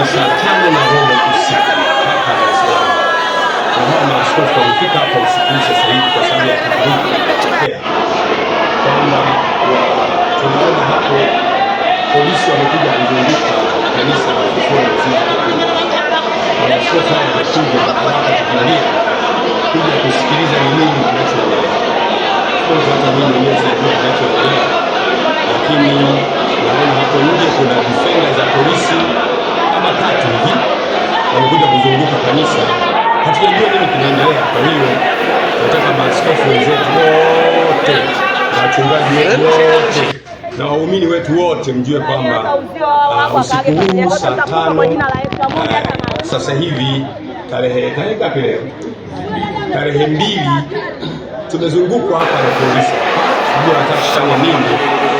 kuanzia saa tano na robo usiku hapa Dar es Salaam. Kwa maana maaskofu wamefika hapa usiku sasa hivi kwa sababu ya taarifa iliyotokea kwamba tunaona hapo polisi wamekuja kuzunguka kanisa la Ufufuo na Uzima Kikuu. Maaskofu hao wamekuja kuja kusikiliza ni nini kinachoendelea. wamekuja kuzunguka kanisa, hatujajua nini kinaendelea. Kwa hiyo nataka maaskofu wenzetu wote wachungaji wetu wote na waumini wetu wote mjue kwamba uh, usiku huu saa tano uh, sasa hivi tarehe tarehe ngapi leo? Tarehe mbili tumezungukwa hapa na polisi, sijui wanataka kufanya nini.